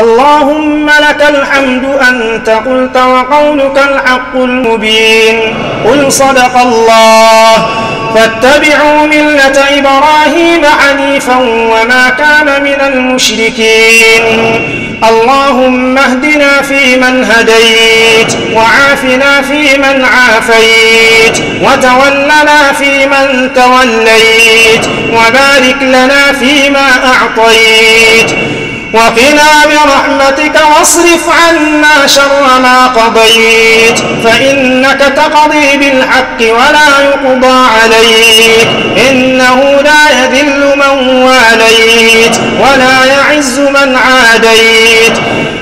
اللهم لك الحمد أنت قلت وقولك الحق المبين قل صدق الله فاتبعوا ملة إبراهيم حنيفا وما كان من المشركين اللهم اهدنا فيمن هديت وعافنا فيمن عافيت وتولنا فيمن توليت وبارك لنا فيما أعطيت وقنا برحمتك واصرف عنا شر ما قضيت فإنك تقضي بالحق ولا يقضى عليك إنه لا يذل من واليت ولا يعز من عاديت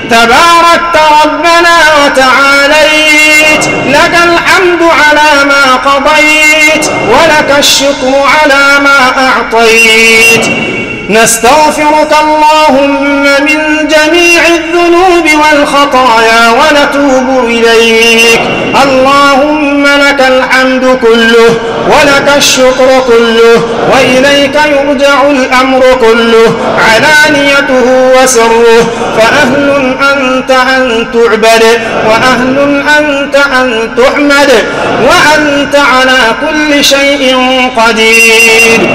تباركت ربنا وتعاليت لك الحمد على ما قضيت ولك الشكر على ما أعطيت نستغفرك اللهم من جميع الذنوب والخطايا ونتوب إليك اللهم لك الحمد كله ولك الشكر كله وإليك يرجع الأمر كله علانيته وسره فأهل أنت أن تعبد وأهل أنت أن تحمد وأنت على كل شيء قدير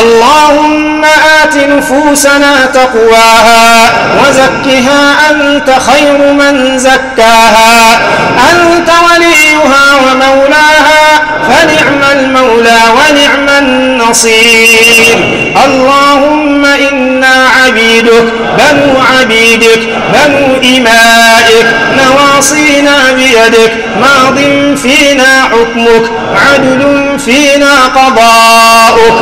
اللهم آت نفوسنا تقواها وزكها أنت خير من زكاها أنت ولي بصير اللهم إنا عبيدك بنو عبيدك بنو إمائك نواصينا بيدك ماض فينا حكمك عدل فينا قضاؤك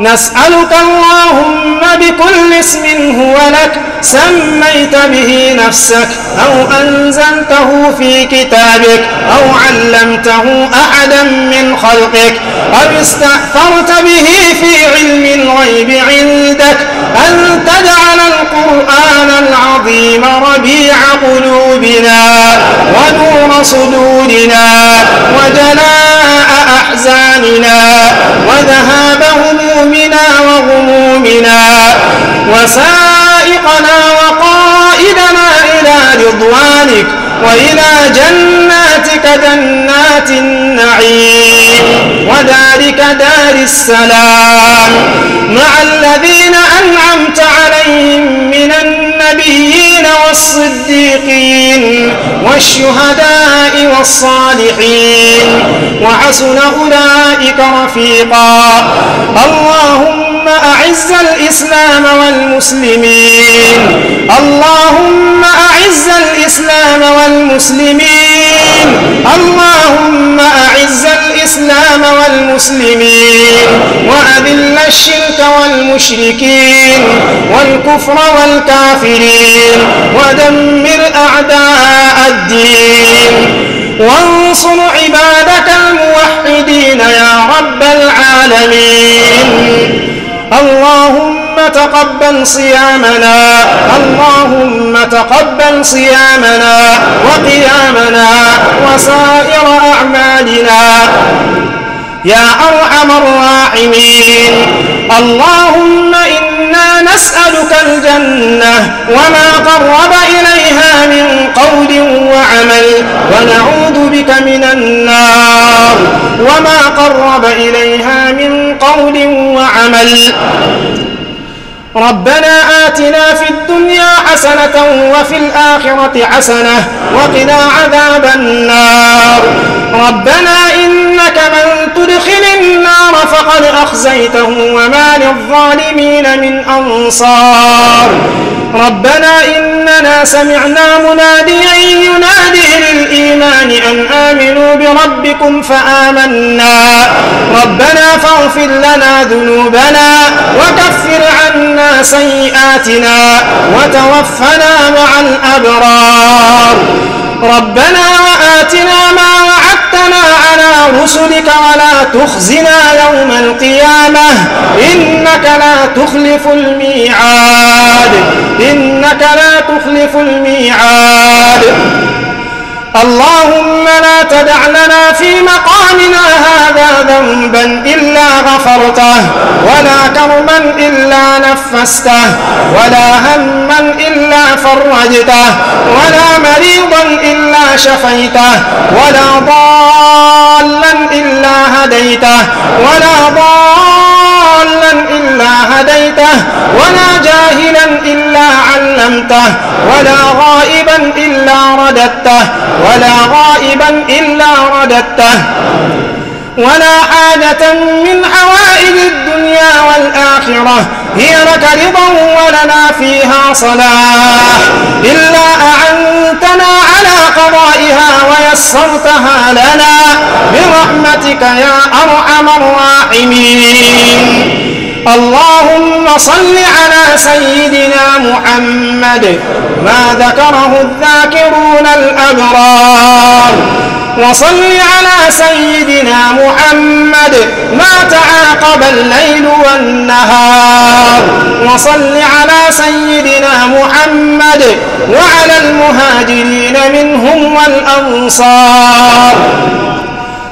نسألك اللهم بكل اسم هو سميت به نفسك أو أنزلته في كتابك أو علمته أحدا من خلقك أو استأثرت به في علم الغيب عندك أن تجعل القرآن العظيم ربيع قلوبنا ونور صدورنا وإلى جناتك جنات النعيم وذلك دار السلام مع الذين أنعمت عليهم من النبيين والصديقين والشهداء والصالحين وحسن أولئك رفيقا اللهم أعز الإسلام والمسلمين اللهم الإسلام والمسلمين اللهم أعز الإسلام والمسلمين وأذل الشرك والمشركين والكفر والكافرين ودمر أعداء الدين وانصر عبادك الموحدين يا رب العالمين اللهم اللهم تقبل صيامنا اللهم تقبل صيامنا وقيامنا وسائر أعمالنا يا أرحم الراحمين اللهم إنا نسألك الجنة وما قرب إليها من قول وعمل ونعوذ بك من النار وما قرب إليها من قول وعمل ربنا آتنا في الدنيا حسنة وفي الآخرة حسنة وقنا عذاب النار ربنا إنك من تدخل النار فقد أخزيته وما للظالمين من أنصار ربنا إننا سمعنا مناديا ينادي للإيمان أن آمنوا بربكم فآمنا ربنا فاغفر لنا ذنوبنا وكفر عنا سيئاتنا وتوفنا مع الأبرار ربنا وآتنا ما وعدتنا على رسلك ولا تخزنا يوم القيامة إنك لا تخلف الميعاد إنك لا تخلف الميعاد اللهم لا تدع لنا في مقامنا هذا ذنبا إلا غفرته ولا كرما إلا نفسته ولا هما إلا فرجته ولا مريضا إلا شفيته ولا ضالا إلا هديته ولا ضالا علمته ولا جاهلا إلا علمته ولا غائبا إلا رددته ولا غائبا إلا رددته ولا حاجة من حوائج الدنيا والآخرة هي لك رضا ولنا فيها صلاح إلا أعنتنا على قضائها ويسرتها لنا برحمتك يا أرحم الراحمين اللهم صل على سيدنا محمد ما ذكره الذاكرون الأبرار وصل على سيدنا محمد ما تعاقب الليل والنهار وصل على سيدنا محمد وعلى المهاجرين منهم والأنصار